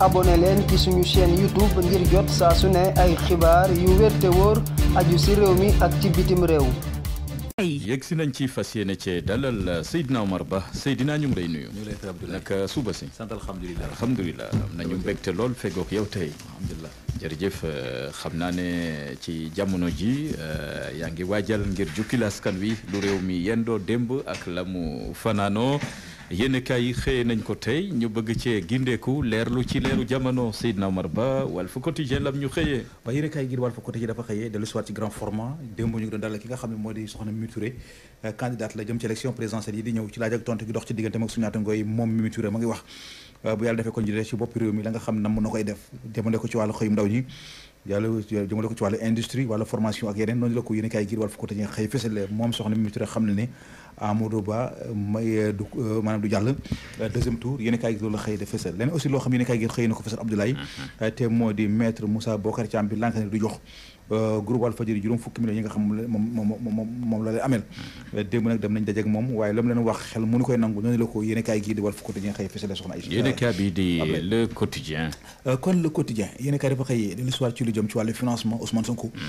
abonné leen ci suñu chaîne YouTube ngir jot saa su ne ay xibaar yu wér wor wóor aju si réew mi ak ci bitim réew. yëg si nañ ci fas yéene cee dalal Seydina Omar Ba Seydina ñu ngi lay nuyu. ñu ngi lay nuyu Abdoulaye nag suba si. sant alhamdulilah alhamdulilah am nañu mbégte lool fegook yow tey. alhamdulilah jërëjëf euh, xam naa ne ci jamono ji euh, yaa ngi waajal ngir jukkil askan wi lu réew mi yendoo démb ak lamu mu fanaanoo yéen kaay yi xëyee nañ ko tey ñu bëgg ee gindeeku leerlu ci leeru jamono Seydina Omar Ba Walf Quotidien lam ñu xëyee waaye yéen kaay ngir Walf Quotidien dafa ci ki nga xam ne moo di soxna Mimi Touré euh, candidate la jëm ci élection présidentielle laaj ak tontu gi dox ci diggante mag suñu naataangoo yi moom Mimi Touré ma ngi wax euh, bu yàlla defee ko ñu ci bopp réew mi la nga xam ne mën na koy def jëmale ko ci wàllu xëyum ndaw ñi yàlla jëmale ko ci wàllu industrie wàllu formation ak yeneen noonu la ko yéen kaay ngir Walf Quotidien xëy fësal moom soxna Mimi Touré xam ne Amadou Ba euh, may euh, euh, maanaam du jàll deuxième tour yéen a gi loolu la de fësal leneen aussi loo xam yéen a kaay gi xëy na ko fësal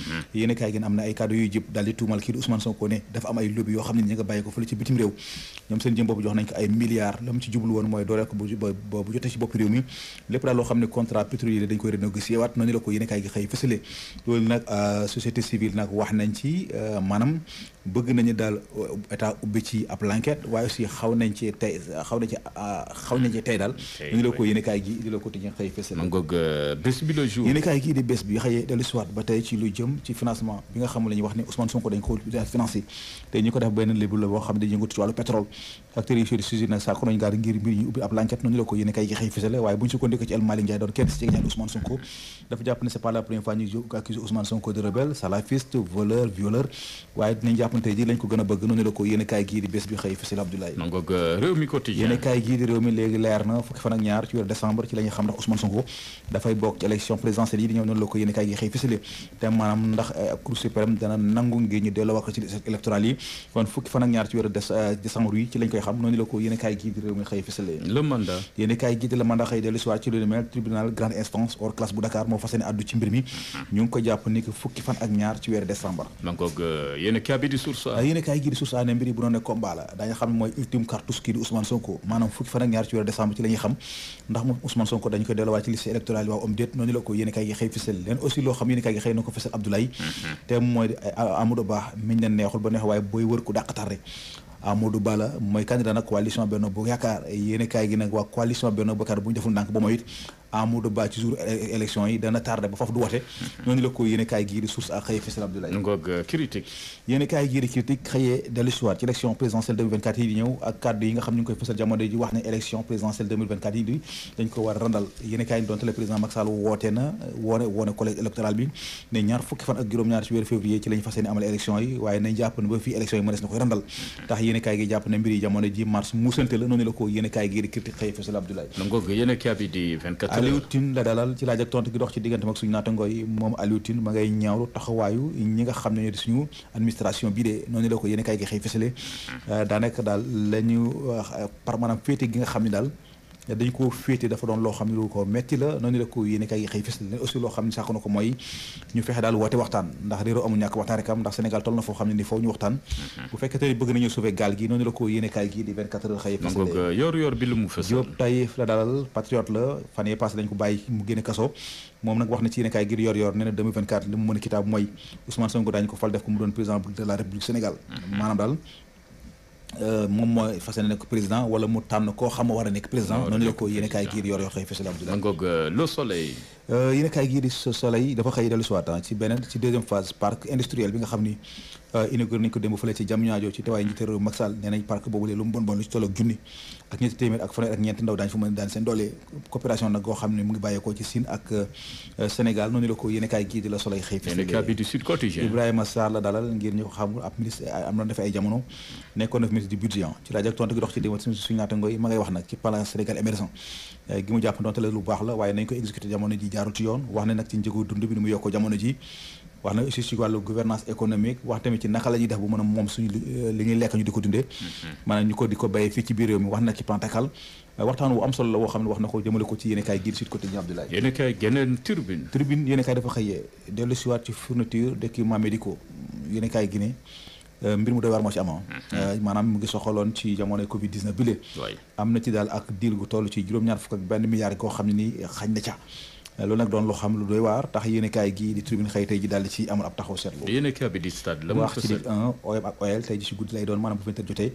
am na ay kaddu yuy jib daal di tuumal kii di Ousmane Sonko ne dafa am ay lobby yoo xam ne ñi nga bàyyi ko fële ci bitim réew ñoom seen jëm boobu jox nañ ko ay milliards la mu ci jublu woon mooy dooree ko bu bu jotee ci bopp réew mi lépp daal loo xam ne contrat pétrolier dañ koy renégocier waat noonu la ko yéen a gi xëy fësale loolu nag euh, société civile nag wax nañ ci euh, maanaam bëgg nañu daal euh, état ubbi ci ab l'enquête waaye aussi xaw nañ ci tey xaw nañ ci euh, tey daal ñu la ko yéen gi di la ko tëjee xëy euh, ba tey ci lu jëm ci financement bi nga xam la wax ne Ousmane Sonko dañ ko financé te ñu ko def benn lébu la boo xam ne yëngatu ci wàllu pétrole yi fii susi nag saako gaar ngir mbir ñu ubbi ab l'enquête noonu la ko yéen gi xëy fësal waaye bu ñu sukkandikoo ci El Malick Ndiaye doon kenn si jegeñaale Ousmane jàpp ne nangu ngir delloo wax ci électoral yi fukki fan ak ñaar ci weeru décembre tribunal grande instance hors classe bu Dakar moo fas yéene addu ci mbir mi mm-hmm. ñu ngi ko jàpp ni fukki fan ak ñaar ci weeru décembre source a yéen a di source a ne mbir yi bu doon ne combat la daañu xam mooy ultime cartouche kii di Ousmane Sonko maanaam fukki fan ak ñaar ci ci la xam ndax moom Ousmane Sonko dañu koy delluwaat ci liste électorale yi waaw noonu la ko yéen gi xëy fësal leen aussi loo xam yéen gi xëy na ko fësal Abdoulaye mm-hmm. te mooy euh, Amadou Ba miñ leen neexul ba neex waaye booy wër ko dàqatar rek Amadou Ba la mooy candidat nag coalition Amadou Ba ci jour élection yi dana tardé ba foofu du wote mm-hmm. noonu la ko yéen a kaay gii di euh, jamono ji wax ne élection présidentielle 2024 ko war mm-hmm. gi jàpp ne mbir jamono ji mars muusante la noonu la ko yéen a critique xëye Fesal Abdoulaye Aliou Tine la dalal ci laaj ak tontu gi dox ci diggante mag suñu naatangoo yi moom Aliou ma ngay ñaawlu taxawaayu ñi nga xam ne ñoo di suñu administration bii de noonu la ko yéen kay gi xëy fësale mm. euh, daanaka daal la euh, par maanaam féete gi nga xam ne daal dañ ko féete dafa doon loo xam ne lu ko metti la ko mooy ñu fexe daal woote waxtaan ndax réero amul ñàkk waxtaan rek ndax Sénégal toll na foo xam ne ni foofu ñu waxtaan mhm. bu fekkee tey bëgg nañu sauver gaal gi noonu la ko yéene gi di 24 yor yor bi lu mu fës Diop Taïf la dalal patriote la fan yee passé ko bàyyi mu génne kaso moom nag wax na ci yéene gi di yor yor nee na 2024 li mu mën a kitaab mooy Ousmane Sonko daañu ko fal def ko mu doon Euh, moom mooy fas yéene nekk président wala mu tànn koo xam war a nekk président noonu la ko yéen a kaay giir yor yoo xëy fësal am. di la ngoog euh, le soleil. Euh, yéen gii di soleil xëy euh, dellu ah. gi dox ci démb suñu naata ngoy ma ngay wax nag ci plan Sénégal émergent euh, gi mu jàpp doonte la lu baax la waaye nañ ko exécuté jamono ji jaarul ci yoon wax na nag ci njëgu dund bi ni mu yokk jamono ji wax na aussi naka la ñuy bu mën a moom suñu euh, li ñuy lekk ñu di ko dundee mm-hmm. maanaam ñu euh, waxtaan wu am solo la woo xam ne ko jëmale ko euh, ah. mm-hmm. Covid 19 am na ci daal ak diil gu toll ci juróom-ñaar fukk ak benn milliard koo xam ne xañ na ca loolu nag doon loo xam lu doy waar tax yéenekaay gi di tribune xëy tey ji daal di ci amul ab taxaw seetlu yéenekaay bi di stade wax ci Ligue 1 ak OL tey ci guddi lay doon maanaam bu fenteet jotee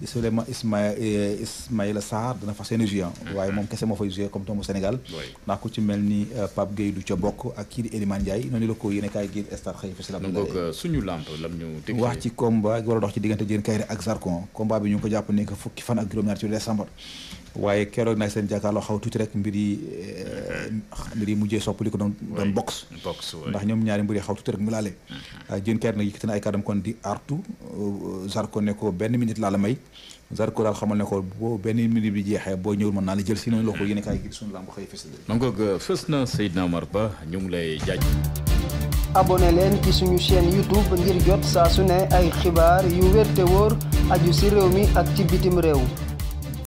di Souleymane Isma eh, Ismaïla Sarr dana fas yéene joué mhm. waaye moom kese moo comme doomu Sénégal ndax ku ci mel ni eh, Pape Gueye du bokk ak kii di Elimane la ko yéene kaay gi star xëy fa la suñu lamb lam ñu wax ci combat war a dox ci diggante Diène Kaïré ak Zarkon combat bi ñu ko jàpp ne que fukki fan ak juróom-ñaar ci décembre waaye keroog nag seen jàkkaarloo xaw tuuti rek mbir yi eh, mbir yi mujjee soppali ko doon doon box ndax ñoom ñaari mbir xaw tuuti rek mu laale mhm. Diène Kaïré nag yëkkati na ay kàddam kon di artu Zarkon ne ko benn minute laa la may Zarko daal xamal ne ko boo benn minute bi jeexee boo ñëwul mën naa la jël si noonu loxo yéen a kaay gi suñu lamb xëy fës la. donc euh, na Seydina Omar Ba ñu ngi lay jaaj. leen ci suñu chaîne YouTube ngir jot saa su ne ay xibaar yu wér te wóor aju si réew mi ak ci bitim réew.